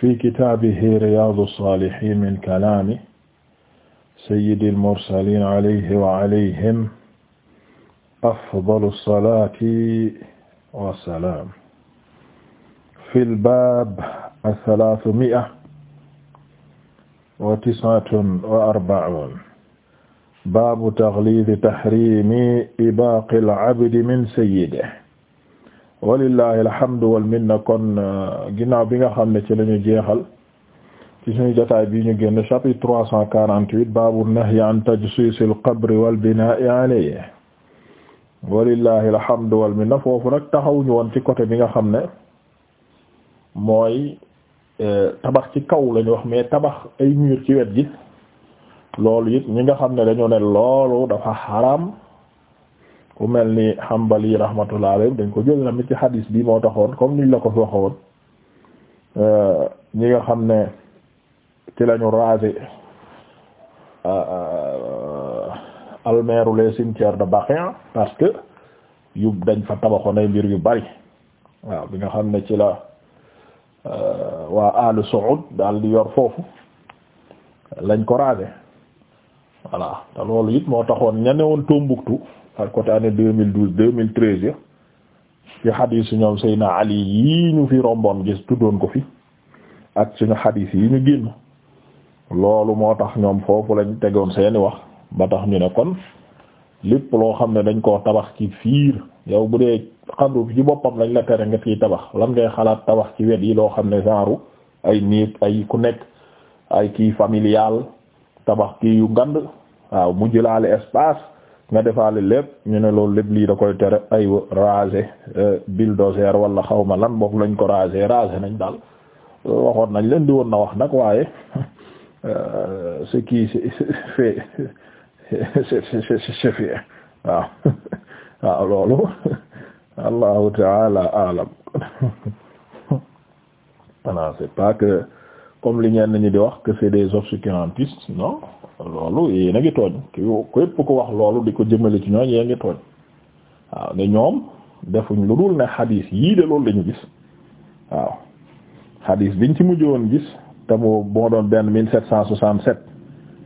fi kitaabihi riyaadu saalihiin min kalaami sayyidil mursaliin alayhi wa alayhim afdalu salaati wa salaam. fil baab asalaatu mi'a wa tis'atun wa arba'uun. baabu taghliidi tahriimi ibaaqil abdi min sayyidihi walillahi alhamdu wal minna kon euh, ginnaaw bi nga xam ne ci lañu jeexal ci suñu jotaay bi ñu génn chapitre trois cent quarante-huit baabu nahyi an tajsis al qabr wal binaa'i alayhi walillahi alhamdu wal minna foofu nag taxawuñu woon ci côté bi nga xam ne mooy euh, tabax ci kaw lañu wax mais tabax ay mur ci wet gi loolu it ñi nga xam ne dañu ne loolu dafa xaraam ku mel ni Hanbali rahmatullah alayhi dañ ko jël tamit ci hadis bi moo taxoon comme niñ la ko fi waxoon ñi nga xam ne ci lañu rasé euh, euh, almeeru les cimetières de Baqi' parce que yu dañ fa tabaxoon ay mbir yu bari waaw bi nga xam ne ci la euh, waa Al Saoud daal di yor foofu lañ ko rasé voilà te loolu it moo taxoon ña ne woon Tombouctou par côté année 2012 2013 ya ci xadiis ñoom Seydina Ali yii ñu fi romboon gis tuddoon ko fi ak suñu xadiis yi ñu génn loolu moo tax ñoom foofu lañu tegoon seeni wax ba tax ñu ne kon lépp loo xam ne dañ koo tabax ci fiir yow bu dee xabru bi ci boppam lañ la tere nga fiy tabax lan ngay xalaat tabax ci wet yi loo xam ne genre ay niit ay ku nekk ay kii familial tabax kii yu ngand waaw mu jëlaale espace nga defaale lépp ñu ne loolu lépp lii da koy tere aywa raser euh, bulldozer wala xawma lan book lañ ko raser raser nañ daal waxoon nañ leen di woon na wax nag waaye euh, ce qui fait c'est fait waaw waaw loolu allahu taala alam voilà c'est pas que comme li ñeen nañu di wax que c'est des obscurantistes loolu yéen a ngi tooñ képp ko wax loolu di ko jëmale ci ñoom yéen ngi tooñ waaw ne ñoom defuñ lu dul ne xadiis yii de loolu lañu gis waaw xadiis biñ ci mujj woon gis te moo moo doon benn 1767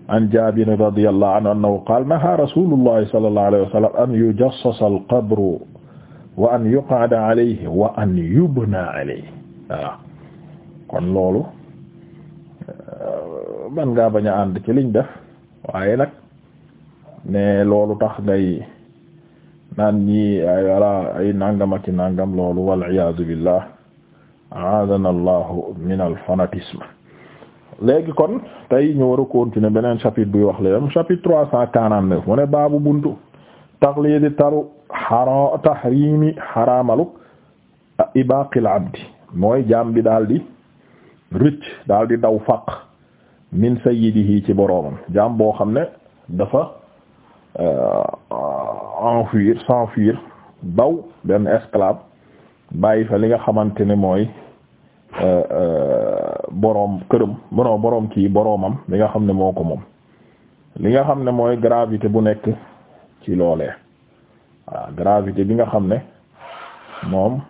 an Jaabir radiyallahu anhu annahu qaala nahaa rasuulullahi sallallahu alayhi wa sallam an yujassasa al-qabru wa an yuq'ada alayhi wa an yubna alayhi waaw kon loolu man ngaa bañ a ànd ci liñ def waaye nag ne loolu tax ngay naan ñi ay wala ay nangam loolu wal iyaazu billah aadana allahu min al fanatisme kon tey ñu war a beneen chapitre buy wax leen chapitre trois cent quarante neuf mu baabu buntu taxliidi taru xara tahrimi xaramaluk ibaqil abdi mooy jaam bi daal di rëcc daal di daw faq min sayyidihi ci boroomam jaam boo xam ne dafa euh, enfuir s'enfuir daw benn esclave bàyyi fa li nga xamante ne mooy euh, euh, boroom këram mënoo boroom kii boroomam li nga xam ne moo ko moom li nga xam ne mooy gravité bu nekk ci loolee waaw gravité bi nga xam ne moom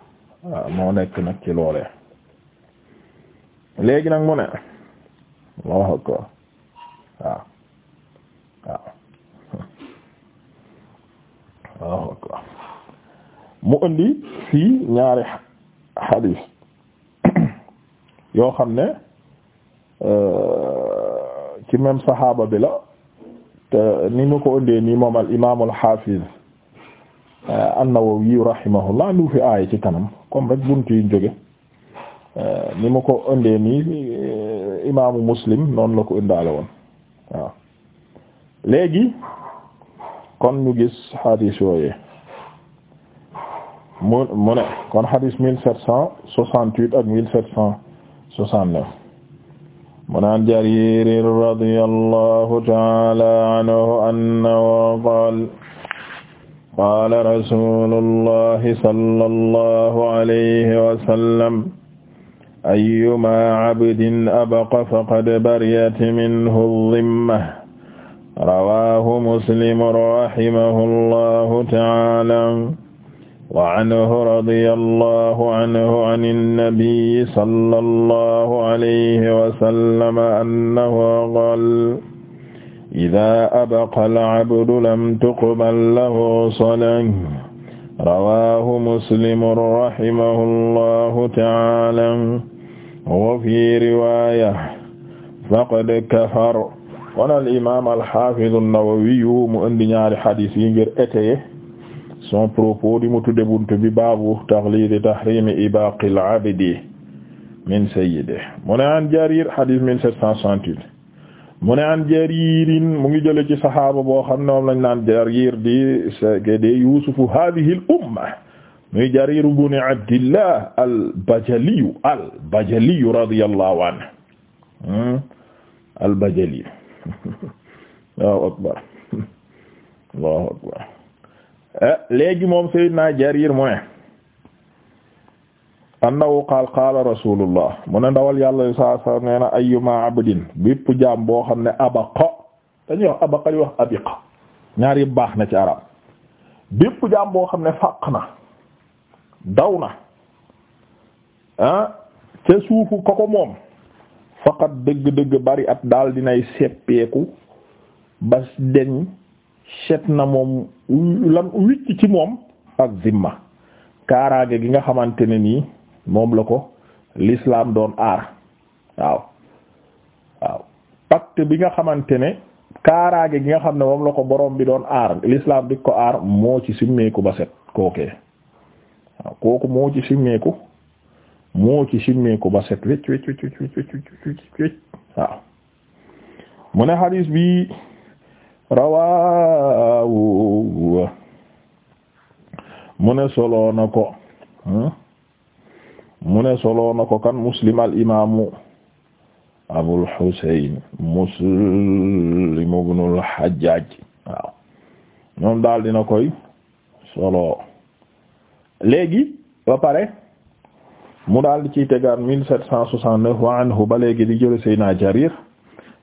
moo nekk nag ci loolee léegi nag mu ne Ah. Ah. Allahu akbar mu indi fii ñaari xadiis yoo xam ne euh, ci même saxaaba bi la te ni mu ko indee ni moom al imaam al xaafiz euh, an-Nawawi rahimahullah lu fi aay ci kanam comme rek buntu yi jóge euh, ni mu ko indee nii imaamu muslim noonu la ko indaale woon waaw léegi kon cent soixante-huit ak mille sept cent soixante-neuf mu naan Jarir radiyallahu ta'ala anhu annahu qaala qaala rasulullahi sallallahu alayhi wa ayyuma cabdin abqa faqad bariyat minhu dhimma rawaahu muslim rahimahullahu ta'aala wa anhu radiyallahu anhu ani nabiy sallallahu alayhi wa sallam annahu qaala idaa abaqa al-cabdu lam tuqbal lahu salaatun rawaahu muslim rahimahullahu ta'aala wa fi riwaya faqad kafar kon al imam al hafiz an-Nawawi mu indi ñaari hadis yi ngir étayer son propos di mu tudde buntu bi baabu taxlid tahrim ibaq al abdi min sayyidihi mu ne an Jarir hadis 1768 mu ne an jaririn mu ngi jële ci saxaaba boo xam ne moom lañ naan Jarir di sa gede Yuusufu haadihi al umma muy Jarir ibn Abdillah hmm? al-Bajali al-Bajali radiyallahu al-Bajali Allahu akbar Allahu akbar eh, léegi moom Seydina Jarir mu ne annahu qaal qaala rasulullah mu ne ndawal yàlla sallallahu alayhi wasallam nee na ayyuma abdin bépp jaam boo xam ne abaqa dañuy wax abaqa yi wax ñaar yëpp baax na ci arab bépp jaam xam ne fàq daw na ah ca suufu koko moom faqat dëgg-dëgg bari at daal dinay seppeeku ba deñ set na moom lam ci moom ak zimma kaaraange gi nga xamante ne nii moom la ko l'islam doon aar waaw waaw pacte bi nga xamante ne kaaraange gi nga xam ne moom la ko borom bi doon aar l'islam bi ko aar moo ci simmeeku ba set kookee kooku moo ci simmeeku moo ci simmeeku ba set wecc wecc wecc mu ne xadiis bi rawaawu mu ne soloo na ko hmm? mu ne soloo na ko kan muslim al imaamu abul xuseyn muslim ibnul xajaaj waaw ñoom daal dina koy solo léegi ba pare mu daal di ciy tegaat mille sept cent soixante-neuf wa anhu ba léegi di jële Seydina Jarir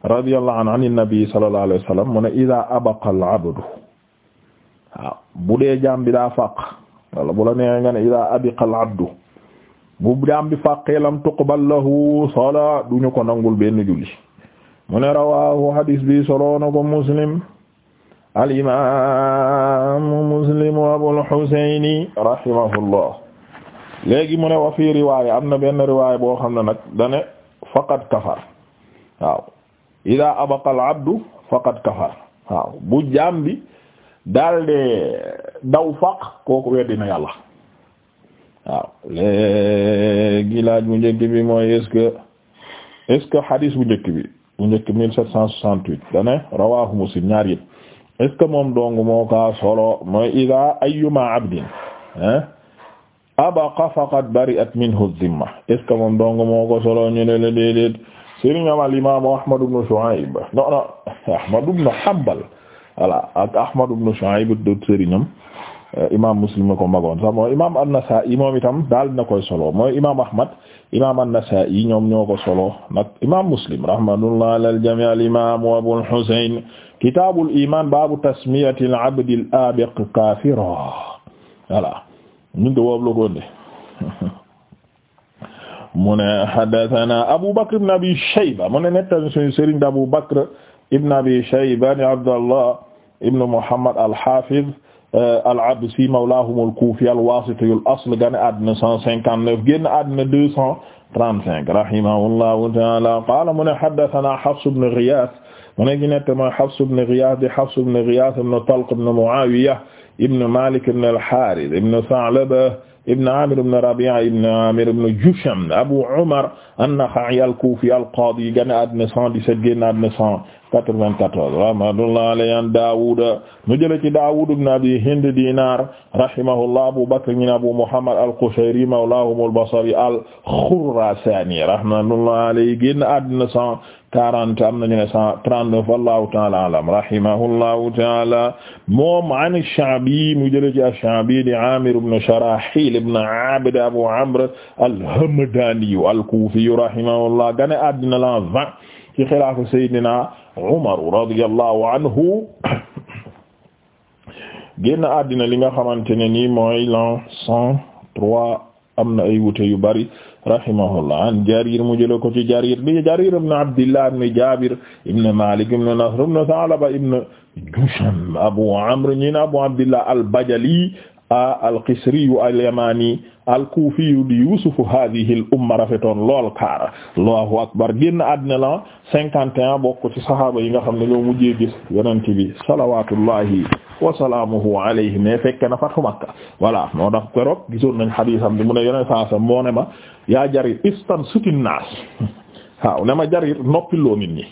radiyallahu anhu an innabi sallallahu alayhi wa sallam mu ne ida abaqa al abdu bu dee jaam daa fàq wala bu la nee nga ne ida abiqa al abdu bu jaam bi lam tuqbal lahu salaa duñu ko nangul benn julli mu ne rawahu hadis bi soloona ko muslim alimamu muslimu abul husayni rahimahullah léegi mu ne wa fii riwaaya am na benn riwaaya boo xam ne nag dane faqad kafar waaw ida abaqal abdu faqad kafar waaw bu jaam bi daw faq kooku weddina yàlla waaw léegi laaj bu njëkk bi mooy est que est-ce que hadis bu njëkk bi bu njëkk dane rawahu muslim ñaar yëpp est ce que moom dong moo ka solo mooy ida ayyuma abdin abaqa faqad bari'at minhu zimma est ce que moom dong moo ko solo ñu ne le déedéet sëriñam al imam ahmad ibn shu'aib non non ahmad ibn hanbal voilà ak ahmad ibn shu'aib do sëriñam Euh, imaam Muslim ma ko magoon sax mooy imaam An-Nasaa'i moom itam daal na koy solo mooy imaam Ahmad imaam An-Nasaa'i ñoom ñoo ko solo nag imaam Muslim rahmatullah alal jamii al imaam Abul Husayn kitaabul iimaan baabu tasmiyati al-abdi al-aabiq kaafira voilà ñu ngi woowu la ko de mu ne haddasanaa Abu Bakr ibn Abi Shayba mu ne nettali suñu sëriñ Abu Bakr ibn Abi Shayba ni Abdallah ibn Muhammad al-Haafiz Euh, al-Absi mawlaahum al-Kuufi al-Waasiti al-asl gane àddina 159 génn àddina 235 rahimahullahu ta'aala qaala mu ne haddathanaa Hafs ibn Ghiyaas mu ne gi nett ma Hafs ibn Ghiyaas di Hafs ibn Ghiyaas ibn Talq ibn Mu'aawiya ibn Maalik ibn al-Haarith ibn Sa'laba ibn amir ibn rabi'a ibn amir ibn jusham abu umar an-nakha'i al-kufi al-qadi gane àddina 117 génn àddina 194 rahmatullahi alayhi an dawud mu jële ci dawud ibn abi hind dinar rahimahullah abu bakr ibn abu muhammad al-qushayri mawlahum al-basri al-khurasani rahmatullahi alayhi génn àddina quarante am nañu ne cent trente-neuf wallahu taala alam rahimahullahu taala moom an Sha'bi mu jële ci Sha'bi di Amir ibn Sharahil ibn Abd Abu Amr al-Hamdani al-Kufi rahimahullah gane àddina la vingt ci xilaafu Seydina Umar radiyallahu anhu génn àddina li nga xamante ne nii mooy l'an cent trois am na ay wute yu bari rahimahullah an jarir mu jële ko ci jarir bi jarir ibn abdillah ibn jabir ibn malik ibn nasr ibn salaba ibn jusham abu amr ñi na abu abdillah al bajali al-Qisriyu al-Yamani al-Kufiyu di Yusufu hadhihi al-umma rafetoon lool kaara Allahu akbar génn àddina la cinquante et un bokk ci sahaaba yi nga xam ne ñoo mujjee gis yonent bi salawatullahi wa salaamuhu alayhi mais fekk na fatu Makka voilà moo tax keroog gisoon nañ am bi mu ne yonent saa sa moo ne ma yaa Jarir istansuti naas waaw ne ma Jarir noppiloo nit ñi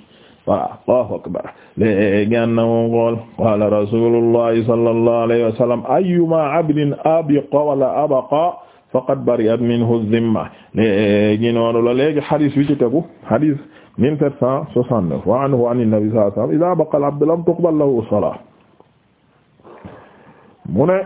voilà allahu akbar le ganna moom xool qala rasulullahi sallallahu alayhi wa sallam ayyuma abdin abiqa wala abaqa faqad bari'at minhu dhimma léegi noonu la léegi xadis bi ci tegu xadis 1769 wa anhu an nabi sallallahu alayhi wa sallam idha abaqa al-abdu lam tuqbal lahu salat mu ne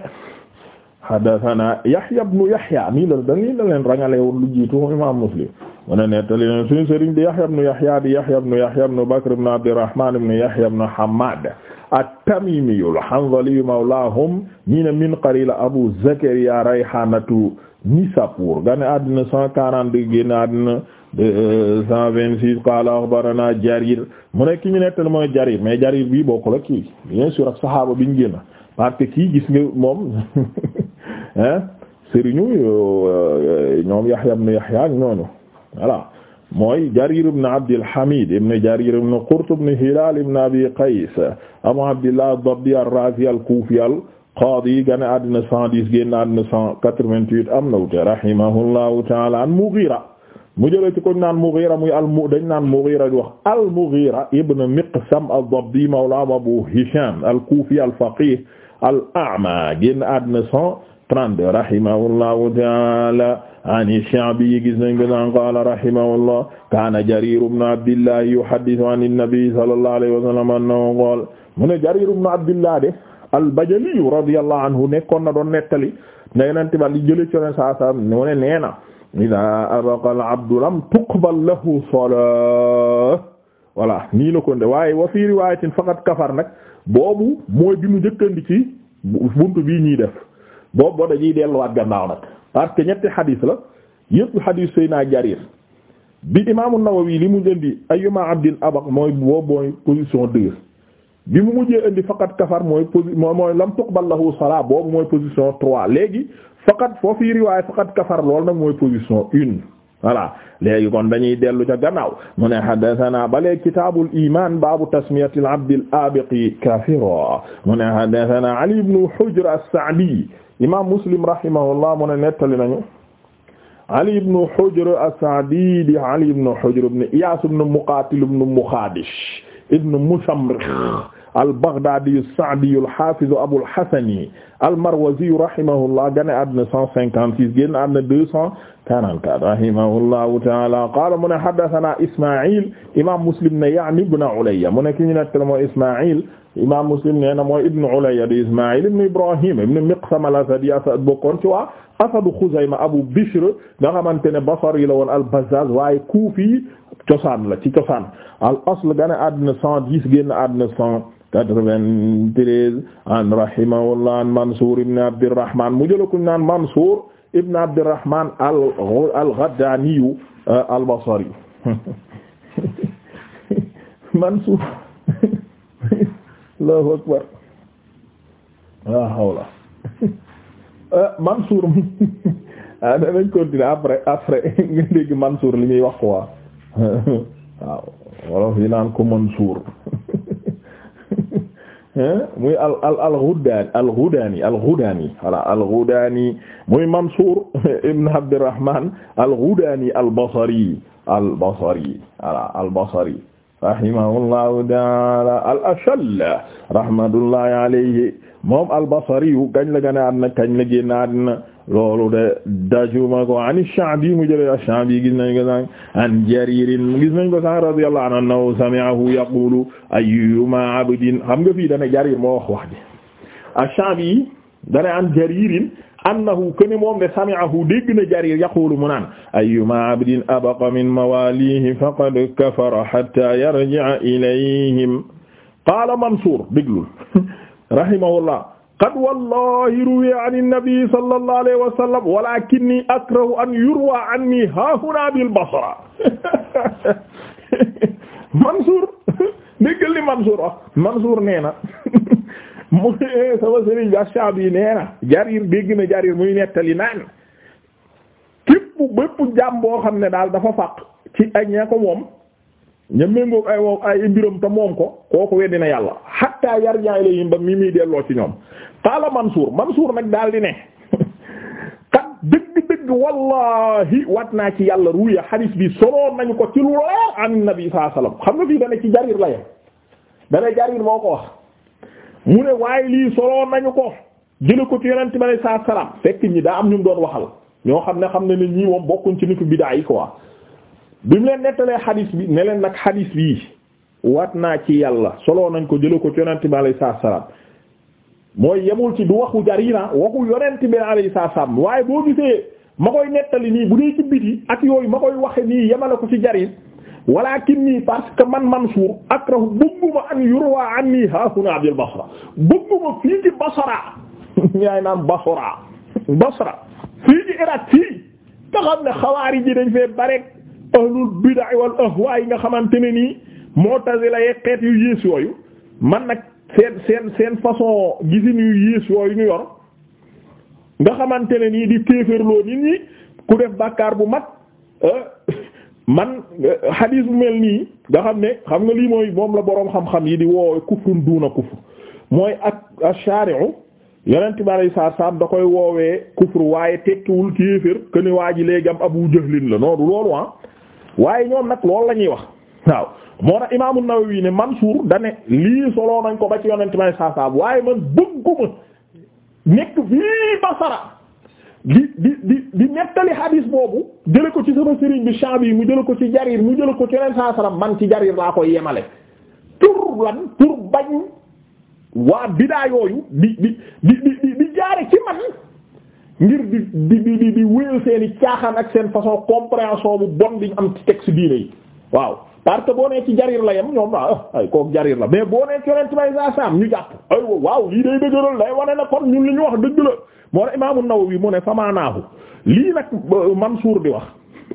haddathana yahya ibnu yahya mi la dañu la leen rangale woon lu jiitu imam muslim mu ne nettali na suñu sëriñ di Yahya ibn Yahya di Yahya ibn Yahya ibn Bakr ibn Abdurrahman ibn Yahya ibn Hammad at-Tamimi al-Hanzali mawlahum ñi ne min Qarila Abu Zakariya Rayhanatu Nisapur gane àddina 142 génn àddina 126 qala akhbarana Jarir mu ne ki ñu nettali mooy Jarir mais Jarir bii bokkul ak kii bien sûr ak saxaaba biñ génn parce que kii gis nga moom hein sëriñu euh, ñoom Yahya ibn Yahya ñooñu voilà mooy Jarir ibn Abdil Hamid ibn Jarir ibn Qurt ibn Hilal ibn Abi Qays Abu Abdillah ad-Dabbi ar-Razi al-Kufi al-Qadi gane àddina 110 génn àddina 188 am na wute rahimahullahu ta'ala an Mughira mu jëlee ci ko naan Mughira muy al mu dañ naan Mughira di wax al Mughira ibn Miqsam ad-Dabbi mawla Abu Hisham al-Kufi al-Faqih al-A'ma génn àddina 32 rahimahullahu taala an Sha'bi gis nañ gësan qala rahimahullah kana Jarir ibn Abdillah yuhaddithu an an-nabi sallallahu alayhi wa sallam annahu qala mu ne Jarir ibn Abdillah de al-Bajali radiyallahu anhu nekkoon na doon nettali ne yonente ba li jële coono saa saa mu ne nee na idaa abaqa al-abdu lam tuqbal lahu salaah voilà nii la ko de waaye wa fii riwaayatin faqad kafar nag boobu mooy bi mu njëkkandi ci buntu bii ñuy def boobu boo dañuy delluwaat gannaaw nag parce que ñetti xadis la yëpp xadis Seydina Jarir bi imaamu Nawawi li mu indi ayyuma abdin abaq mooy boobu mooy position deux bi mu mujjee indi faqat kafar mooy posi mooy lam tuqbal lahu salaa boobu mooy position trois léegi faqat foo fi riwaay faqat kafar lool nag mooy position une voilà léegi kon dañuy dellu ca gannaaw mu ne haddathana bale kitaabul iman baabu tasmiyatil abdil abiqi kafira mu ne haddathana Ali imaam muslim rahimahullah mu ne nettali nañu ali ibn hujr as-saadi di ali ibn hujr ibn iyaas ibn muqaatil ibn muxaadish ibn musamrix al-Baghdadi as-Sa'di al-Hafiz Abul Hasani al-Marwazi rahimahullah gane àddina 156 génn àddina 244 rahimahullahu ta'ala qala mu ne haddathana Isma'il imam Muslim ne ya'ni ibn Ulayya mu ne ki ñu nettali mooy Isma'il imam Muslim nee na mooy ibn Ulayya di Isma'il ibn Ibrahim ibn Miqsam al-Asadi Asad bokkoon ci waa Asadu Khuzayma Abu Bishr nga xamante ne Basri la woon al-Bazzaz waaye Kufi cosaan la ci cosaan al-asl gane àddina 110 génn àddina 100 quatre-vingt-treize an rahimahullah an Mansour ibn Abdirrahman mu jël ko ñu naan Mansour ibn Abdirrahman al-Ghaddani euh, al-Basri Mansour Allahu akbar la hawla euh, Mansour ah danañ continuer après après nga dégg Mansour li muy wax quoi waaw wolof naan ko Mansour muy al al al Ghudani al Ghudani al Ghudani voilà al Ghudani muy Mansour ibn Abdurrahman al Ghudani al Basri al Basri voilà al Basri rahimahullahu taala al Ashall rahmatullahi alayhi moom al Basri yu kañ la gën a àddina kañ la génn àddina loolu de dajuma ko ani Sha'bi mu jëlee Sha'bi gis nañ ko sànq an Jarir gis nañ ko sànq radiyallahu anhu annahu sami'ahu yaqulu ayyuma abdin xam nga fii dana Jarir moo wax wax ji ash-Sha'bi dana an Jarir annahu kene moom de sami'ahu dégg na Jarir yaqulu mu naan ayyuma abdin abaqa min mawalihi faqad kafara hatta yarji'a ilayhim qala Mansur déglul rahimahullah qad wallahi ruwiya an nabi sallallahu alayhi wa sallam walakinni akrahu an yurwa anni hahuna bil basra Mansour déggal li Mansour wax Mansour nee na mu eh, sama sëriñ Shaabi nee na Jarir dégg na Jarir muy nettali naan képp bépp jaam boo xam ne daal dafa faq ci ak ña ko moom ña méngoog ay wow ay mbiram te moom ko kooku weddi na yàlla hatta yarja ilayhim ba mi muy delloo ci ñoom qaala Mansuur Mansuur nag daal di ne kat dëgg-dëgg wallahi wat naa ci yàlla ruya hadis bi soloon nañu ko ci lu leer an nabi sallallahu alayhi wasallam xam nga fii dana ci jarir la yem dana jarir moo ko wax mu ne waaye lii soloon nañu ko jële ko ci yonent bi sallallahu alayhi wasallam fekk ñi daa am ñu doon waxal ñoo xam ne xam ne ne ñii moom bokkuñ ci nitu bidaa yi quoi bi mu leen nettalee xadis bi ne leen nag xadis bii waat naa ci yàlla soloo nañ ko jële ko ci yonent bi alayhi salaam mooy yemul ci du waxu jarina waxu yonent bi alayhi salaam waaye boo gisee ma koy nettali nii bu dee ci biti ak yooyu ma koy waxe nii yemale ko ci jarin walakin nii parce que man Mansuur akrahu bëgguma an yurwa anni haahuna bil Basra bëgguma fii ci Basra ñaay naan Basra Basra fii ci Irak fii nga xam ne xawaari ji dañ fee bare ahlul bid'a wal ahwa yi nga xamante ne moo mu'tazila la xeet yu yées yooyu man nag seen seen seen façon gisin yu yées yooyu ñu yor nga xamante ne nii di kéefërloo nit ñi ku def bàkkaar bu mag euh, man xadiis euh, bu mel nii nga xam ne xam nga lii mooy moom la boroom xam-xam yi di woowe kufrun duuna kufr mooy ak ash-shari'u yonent bi alayhi salaatu salaam da koy woowee kufru waaye tekkiwul kéefër que ni waa ji léegi am abu jahlin la noonu loolu ah waaye ñoom nag loolu la ñuy wax waaw moo tax imaam an-Nawawi ne Mansuur da ne lii soloo nañ ko ba ci yonent may saasaam waaye man bëgguma nekk fii Basara di di di di nettali hadis boobu jële ko ci sama sëriñ bi yi mu jële ko ci Jarir mu jële ko ci yonent saasaam man ci Jarir laa koy yemale pour lan pour bañ waa bidaa yooyu di di di di jaare ci man ngir di di di di wéyal seen i caaxaan ak seen façon compréhension bu bon bi ñu am ci texte diine yi waaw parce que boo nee ci jarir la yem ñoom ah ay kooku jarir la mais boo nee ci ñu jàpp waaw lii day dëgëral day wane na kon ñun li ñu wax dëgg la moo ne imaamu wi mu ne famaanaahu lii nag Mansuur di wax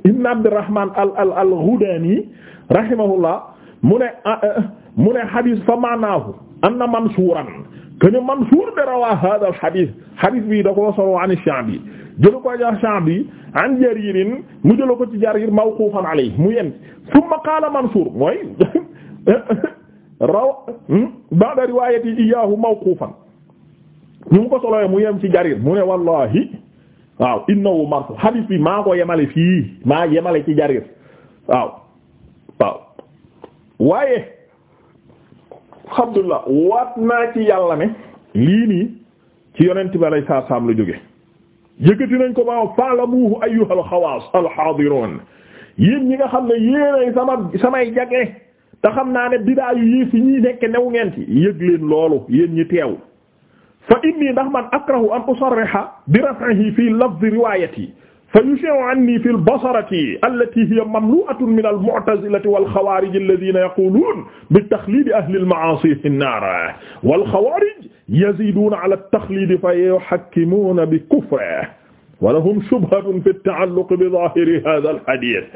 ibn Abdurrahman al al al Ghudani rahimahullah mu ne ah, eh, mu ne hadis famaanaahu anna Mansuuran kene Mansuur de rawaa hada al hadith hadith bi solo an Sha'bi jëla ko ja Sha'bi an Jaririn mu jëla ko ci Jarir mawqufan alayhi mu yen thumma qaala Mansuur mooy raw hmm, ba'da riwaayati iyaahu mawqufan ñu ngi ko soloyee mu yem ci Jarir mu ne wallahi waaw innahu marfu hadith maa ko yemale fii maa yemale ci Jarir waaye Abdullah waat naa ci yàlla ne lii nii ci yonent bi alayhi salaam lu jóge yëkkati nañ ko ba faalamuhu ayyuhal xawaas alxaadiroon yéen ñi nga xam ne yéenay samay jagle te xam naa ne bidaa yu yées yi ñuy nekk new ngeen ci yëg leen loolu yéen ñi teew fa inni ndax man akrahu an usarriha bi raf'ihi fii lafzi riwaayati fa yushi'u anni fi al-basarati allati hiya mamlu'atun min al-mu'tazilati wal-khawarij alladhina yaquluna bi-takhlid ahli al-ma'asi fi an-nar wal-khawarij yaziduna ala at-takhlid fa yuhakkimuna bi kufrihi wa lahum shubhatun fi at-ta'alluq bi dhahiri hadha al-hadith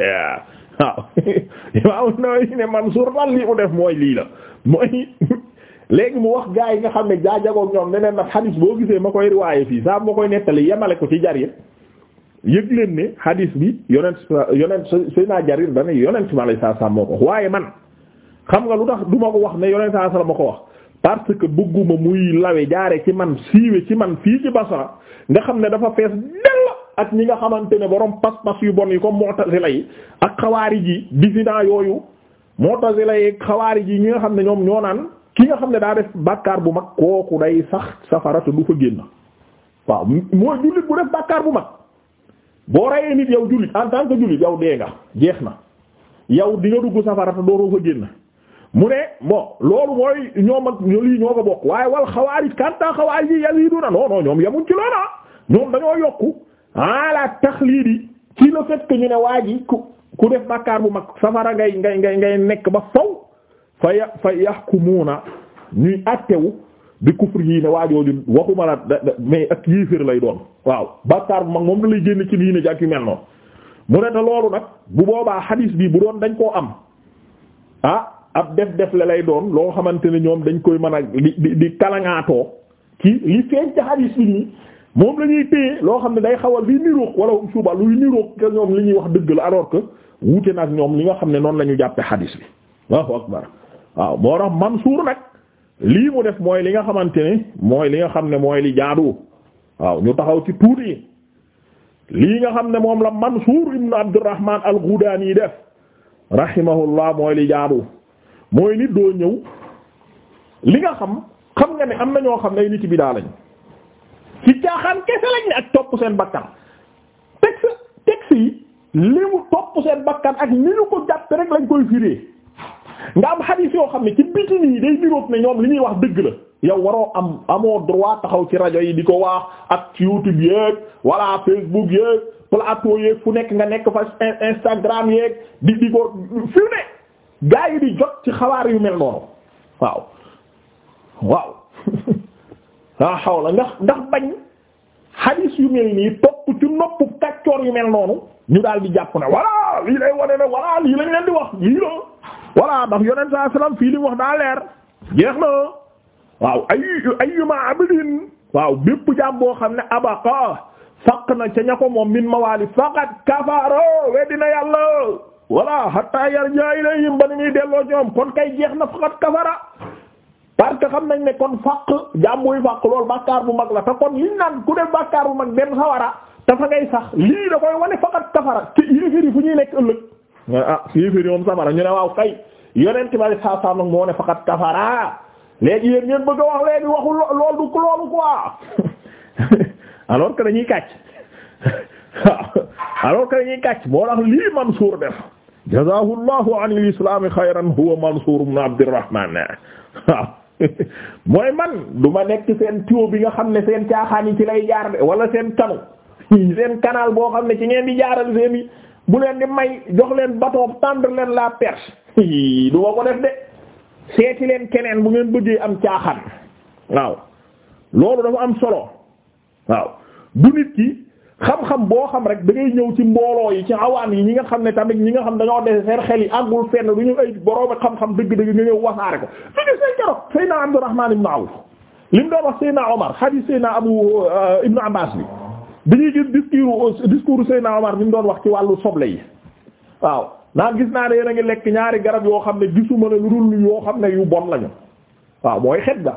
waaw waaw nooy ne Mansour daal lii mu def mooy lii la mooy léegi mu wax gaa yi nga xam ne jaajagoog ñoom neneen nag hadith boo gisee ma koy riwaaye fii saa ma koy nettali yemale ko ci jar yëg leen ne hadis bi yonent yonent Seydina Jarir dana yonent ma lay saa saa moo ko wax waaye man xam nga lu tax du ma ko wax ne yonent saa saa ma ko wax parce que bëgguma muy lawe jaare ci man siiwe ci man fii ci Basra nga xam ne dafa fees dell ak ñi nga xamante ne borom pas-pas yu bon yi comme Mu'tazila yi ak xawaari ji dissident yooyu Mu'tazila yi xawaari ji ñi nga xam ne ñoom ñoo naan ki nga xam ne daa def bàkkaar bu mag kooku day sax safara te du fa génn waaw mooy jullit bu def bàkkaar bu mag. boo rayee nit yow jullit en tant que jullit yow dee nga jeex na yow di nga dugg safara te dooroo fa génn mu ne bon loolu mooy ñoom ak lii ñoo ko bokk waaye wal xawaarij kanta xawaarij yi yaziduna non non ñoom yemuñ ci loolu ah ñoom dañoo yokku ala taxliidi ci le fait que ñu ne waa ji ku ku def bàkkaar bu mag safara ngay ngay ngay ngay nekk ba faw fa ya fa yahkumuna ñuy àttewu bi kufr yii ne waajooju waxuma la mais ak yéeféer lay doon waaw bàkkaar bu mag moom da lay génn ci diine ji ak yu mel noonu mu ne te loolu nag bu boobaa xadiis bi bu doon dañ koo am ah ab def def la lay doon loo xamante ne ñoom dañ koy mën a di di di kalaŋaatoo ci li feeñ ci xadiis bi moom la ñuy loo xam ne day xawal liy niroog wala suba luy niroog que ñoom li ñuy wax dëgg la alors que wuute nag ñoom li nga xam ne noonu la jàppe xadiis bi waaw lii mu def mooy li nga xamante ne mooy li nga xam ne mooy li jaadu waaw ñu taxaw ci tuuti lii nga xam ne moom la Mansuur ibn Abdurrahman al-Ghudani yi def rahimahullah mooy li jaadu mooy nit doo ñëw li nga xam xam nga ne am na ñoo xam ne nit bi daa lañ ci caaxaan kese lañ ne ak topp seen bakkan texte texte yi li mu topp seen bakkan ak ni ñu ko jàpp rek lañ koy firé nga am xadiis yoo xam ne ci biti nii day niroog ne ñoom li ñuy wax dëgg la yow waroo am amoo droit taxaw ci rajo yi di ko wax ak ci YouTube yeeg walla Facebook yeeg plateau yeeg fu nekk nga nekk fa Instagram yeeg di di ko fu ne gaa yi di jot ci xabaar yu mel noonu waaw waaw waaw xaw la ndax ndax bañ xadiis yu mel nii topp ci noppu kàccoor yu mel noonu ñu daal di jàpp ne voilà lii lay wane ne voilà lii lañ leen di wax lii la voilà ndax yonent saa salaam fii li mu wax daa leer jeex na waaw ay ayyuma abdin waaw bépp jaam xam ne abaqa faq na ca ña ko moom min mawaali faqat kafaro weddina yàlla voilà hatta yarja ilayhim ba ni muy delloo ñoom kon kay jeex na faqat kafara parce que xam nañ ne kon faq jaam buy faq loolu bàkkaar bu mag la te kon liñ naan ku def bàkkaar bu mag dem sawara te fa ngay sax lii da koy wane faqat kafara te yéeféri fu ñuy nekk ëllëg nga ah fiifir yoom safara ñu ne waaw kay yonent bari saa saa nag moo ne faqat kafara léegi yéen ngeen bëgg a wax léegi waxul lool du loolu quoi alors que dañuy kàcc alors que dañuy kàcc moo tax lii Mansour def jazaahu llahu an al-islaami xayran huwa Mansour ibn Abdirrahman waaw mooy man du ma nekk seen tuyau bi nga xam ne seen caaxaan ci lay jaar de wala seen kanu seen canal boo xam ne ci ngeen di jaaral seen i bu leen di may jox leen bateau tendre leen la perche du ma ko def de seeti leen keneen bu ngeen bëggee am caaxaan waaw loolu dafa am solo waaw du nit ki xam-xam boo xam rek da ngay ñëw ci mbooloo yi ci awaan yi ñi nga xam ne tamit ñi nga xam dañoo dese seen xel yi àggul fenn du ñu ay boroom xam-xam dëgg-dëgg nga ñëw wasaare ko li ngi seen keroog Seydina Abdurrahman ibn Awf li mu doon wax Seydina Omar hadith Seydina Abu euh, Ibn Abbas bi bi ñuy gis discours discours Seydina Omar bi mu doon wax ci wàllu soble yi waaw naan gis naa ne yéen a ngi lekk ñaari garab yoo xam ne gisuma ne lu dul yoo xam ne yu bon lañu waaw mooy xet ga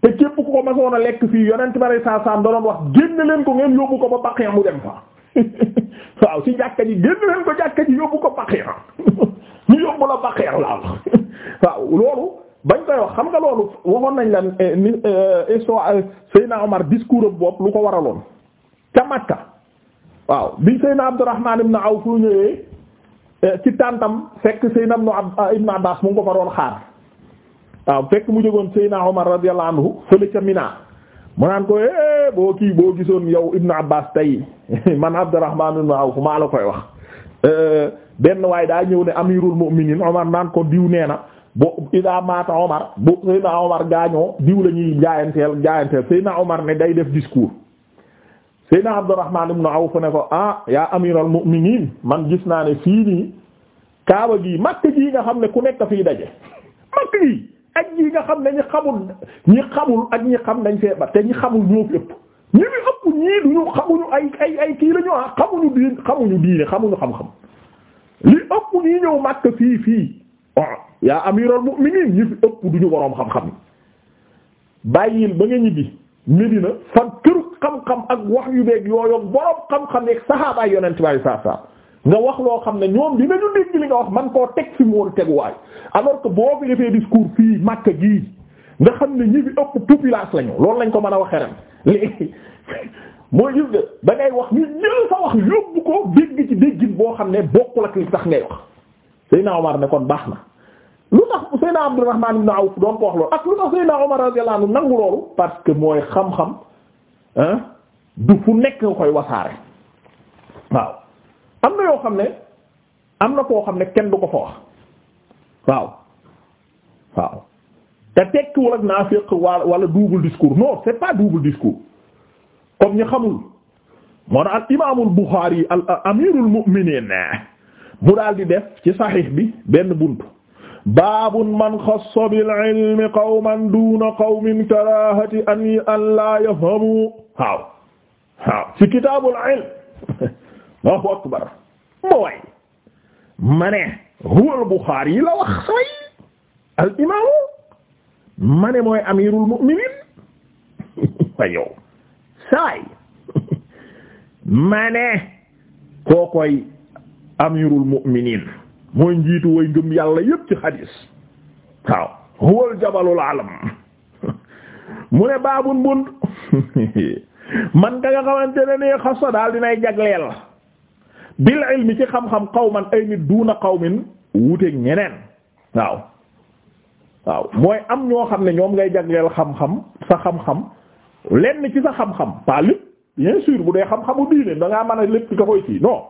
te képp ku ko masoon a lekk fii yonent bari saa saam da doon wax génn leen ko ngeen yóbbu ko ba Baqiya mu dem fa waaw ci jàkka ji génn leen ko jàkka ji yóbbu ko Baqiya ñu yóbbu la Baqiya la waaw loolu bañ koy wax xam nga loolu waxoon nañ la eh, ni eh, histoire Seydina Omar discours am bopp lu ko waraloon. ca Makka waaw bi Seydina Abdurrahman ibn Awf fu ñëwee eh, ci tàntam fekk Seydina ah, ibn Abbas mu ngi xaar waaw fekk mu jógoon Seydina Omar radiyallahu fële ca Mina mu naan ko eh boo kii boo gisoon yow Ibn Abbas tey man Abdurrahman ibn Awf maa la koy wax eh, benn waaye daa ñëw ne amirul mu'minin Omar naan ko diw nee na bo maata Omar bu Seydina Omar gaañoo diw la jaayanteel jaayanteel Seydina Omar ne day def discours. Seydina Abdurrahman ibn Awf ne ko ah yaa amiral mu'minin man gis naa ne fii nii Kaaba gii Makka gii nga xam ne ku nekk fii daje Makka gii ak ñi nga xam ne ñi xamul ñi xamul ak ñi xam dañ fee ba te ñi xamul ñoo fi ëpp ñi fi ëpp ñii duñu xamuñu ay ay kii la ñu ah xamuñu diin xamuñu diine xamuñu xam-xam li ëpp ñi ñëw Makka fii fii ah yaa amiral mu'minin ñi fi ëpp duñu boroom xam-xam bàyyil ba nga ñibbi. Medina fan këru xam-xam ak wax yu beeg yooyu borom xam-xam yeeg saxaabaay yonent bi saa saa nga wax loo xam ne ñoom dinañu dégg li nga wax man koo teg fi mu woon teguwaay alors que boo fi defee discours fii Makka gii nga xam ne ñi fi ëpp populace lañu lool lañ ko mën a waxee ren léegi mooy gis nga da wax ñu jël sa wax yóbbu ko dégg ci déggin boo xam ne bokkul ak li tax ngay wax Seydina Omar ne kon baax na. lu tax Seydina Abdourahman ibn Awf doon ko wax loolu ak lu tax Seydina Omar radiyallahu anhu nangu loolu parce que mooy xam-xam ah du fu nekk nga koy wasaare waaw am na yoo xam ne am na koo xam ne kenn du ko fa wax waaw waaw te tekkiwul ak naafiq wala double discours non c'est pas double discours comme ñu xamul moo imaamul Bukhari al amirul mu'minin mu daal di def ci saxiix bi benn buntu. baabun man xassa bil ilmi qawman duuna qawmin karaahati an an laa yafhamu waaw waaw ci kitaabul ilm Allahu akbar ma way ma ne huwa al Buxaari yi la wax say al imaamu ma ne mooy amiirul mu'miniin wa yow saay ma ne kookoy amiirul mu'miniin mooy njiitu way ngëm yàlla yépp ci xadiis waaw huwal jabalul alam mu ne baabun bunt man ka nga xamante ne ne xasa daal dinay jagleel bil ilmi ci xam-xam qawman ay nit duuna qawmin wuteek ñeneen waaw waaw mooy am ñoo xam ne ñoom ngay jagleel xam-xam sa xam-xam lenn ci sa xam-xam pas lépp bien sûr bu dee xam-xamu diine da ngaa mën a lépp ci ka koy ci non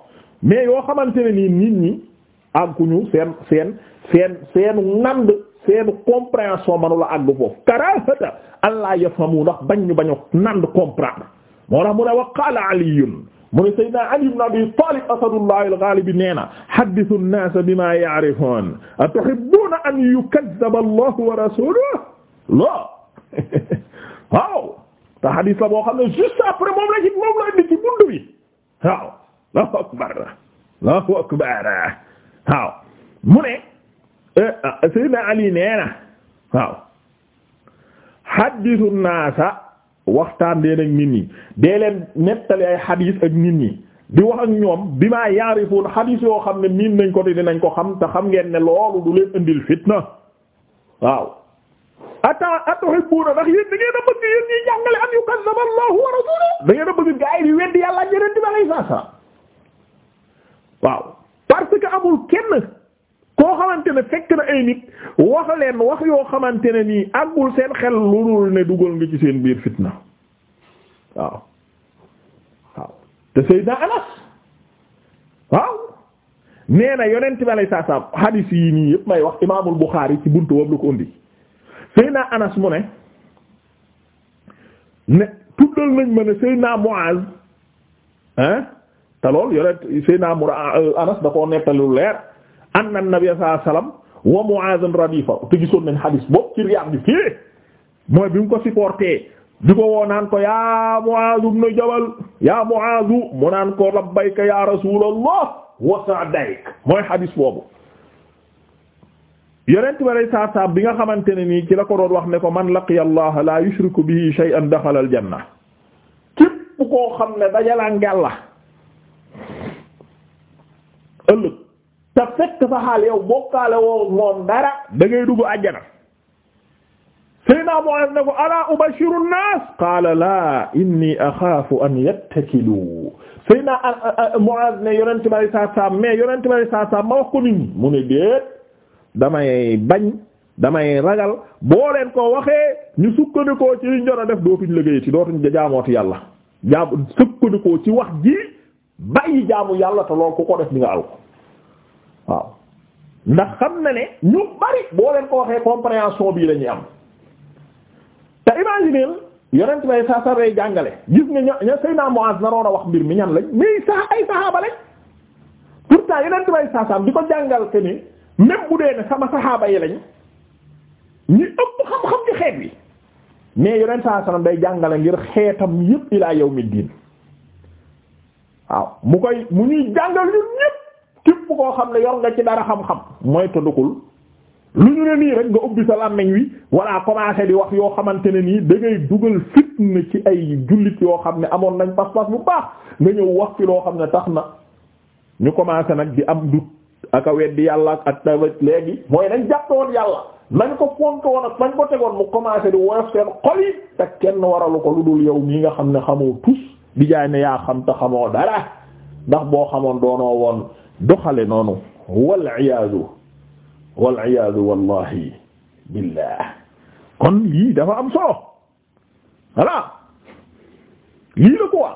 mais yoo xamante ne nii nit ñi àgguñu seen seen seen seenu nand seenu compréhension manula àgg foofu karahata allah yafhamu ndax bañ ñu bañ a nand comprendre mu ne wa qaala aliyun mu ne sayyidina ali ibn abi talib asadullah al-ghalib nee na haddithu an-nas bima ya'rifun atuhibbuna an yukazzaba allah wa rasuluhu la waaw te hadith la boo xam ne juste après moom la ci moom la indi ci bundu bi waaw allahu akbar allahu akbar waaw mu ne eh, ah, Seydina Ali nee na waaw xaddisu naasa waxtaan deen ak nit ñi dee leen nettali ay xadiis ak nit ñi di wax ak ñoom bi maa yaarifoon xadiis yoo xam ne miin nañ ko te dinañ ko xam te xam ngeen ne loolu du leen indil fitna waaw ata atuhibbuuna ndax yéen da ngeen a bëgg yéen ñuy jàngale am yu kazzaba Allahu wa rasuluhu da ngeen bëgg gaay yi di weddi yàlla ak yeneen di ba lay waaw parce amul kenn koo xamante ne fekk na ay nit wax leen wax yoo xamante ne nii àggul seen xel loolu ne dugal nga ci seen biir fitna waaw waaw te Seydina Anas waaw nee na yonent bi alayhi salaam hadith yi nii yëpp may wax imaamul Bukhari ci buntu boobu la ko indi Seydina Anas mu ne ne tuddal nañ ma ne Seydina Muaz hein te loolu yonent Seydina Mura euh, Anas da koo nettali lu leer anna Nabiy sallallahu alayhi wasallam wa Mu'adh radifa te gisoon nañ xadiis boobu ci Riyad bi fii mooy bi mu ko supporté di ko woo naan ko yaa Mu'adh ibn Jabal yaa Mu'adh mu naan ko labbayka yaa Rasuulallah wa sa'dayk mooy xadiis boobu yonent bi alayhi salaatu salaam bi nga xamante ne nii ci la ko doon wax ne ko man laqiya Allah la yushriku bihi shay'an daxala al janna képp koo xam ne dajala ngàlla ëllëg te fekk sa xaal yow bokkaale woo moom dara da ngay dugg àjjana Seydina Mu'aaz ne ko alaa ubashiru nnaas qaala laa inni axaafu an yattakilu Seydina Mu'aaz ne yonente bari saa saa ma wax ko nit ñi mu ne déet damay bañ damay ragal boo leen ko waxee ñu sukkandikoo ci liñ jot a def dootuñ liggéeyati dootuñ jaamooti yàlla jaam sukkandikoo ci wax ji bàyyi jaamu yàlla te lool ku ko def di nga alko waaw ndax xam na ne ñu bari boo leen ko waxee compréhension bii la ñuy am te imaginer yonent bay saa sa rey jàngale gis nga ña Seydina Muaz naroon a wax mbir mi ñan lañ mais saa ay saxaaba lañ pourtant yonent bay saa sa di ko jàngal que ni bu dee ne sama saxaaba yi lañ ñi ëpp xam-xam ci xeet wi mais yonent saa sa day jàngale ngir xeetam yépp ilaa yawmi diin waaw mu koy mu ñuy jàngal ñun ñépp képp koo xam ne yor nga ci dara xam-xam mooy tëddukul lu ñu ne nii rek nga ubbi sa làmmiñ wi walla commencé di wax yoo xamante ne nii da ngay dugal fitna ci ay jullit yoo xam ne amoon nañ pas-pas bu baax nga ñëw wax ci loo xam ne tax na ñu commencé nag di am dut ak a weddi yàlla ak tawaj léegi mooy nañ jàppoon yàlla nañ ko fonk woon ak nañ ko tegoon mu commencé di woyof seen xol yi te kenn waralu ko lu dul yow mii nga xam ne xamoo tus di jaay ne yaa xam te dara ndax boo xamoon doonoo woon doxale noonu wal iyaadu wal wallahi billah kon lii dafa am solo voilà lii la quoi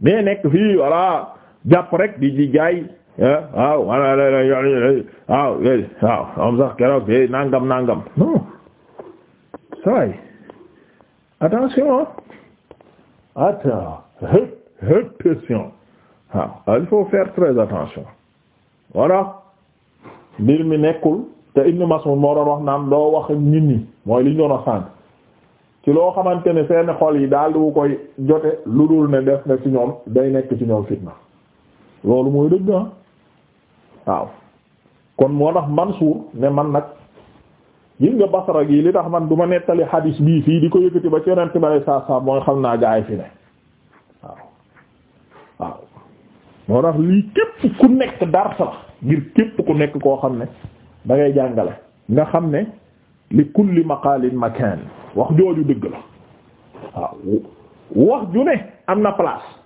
mais fii voilà jàpp rek di di jaay waaw am sax keroog nangam nangam non say attention attends attention waaw il attention voilà mbir mi nekkul te Ibn Mas'ud moo doon wax naan loo wax nit ñi mooy li ñu doon a sànq ci loo xamante ne seen xol yi daal du koy jote lu dul ne def na ci ñoom day nekk ci ñoom fitna loolu mooy dëgg ah waaw kon moo tax Mansuur ne man nag gis nga Basra gi li tax man du ma nettali hadis bii fii di ko yëkkati ba ci Yonent bi sallallahu alayhi mooy xam naa gaay fi ne. moo tax lii képp ku nekk darsa la ngir képp ku nekk koo xam ne da ngay jàngale nga xam ne li kulli maqaalin makaan wax jooju dëgg la waaw wax ju ne am na place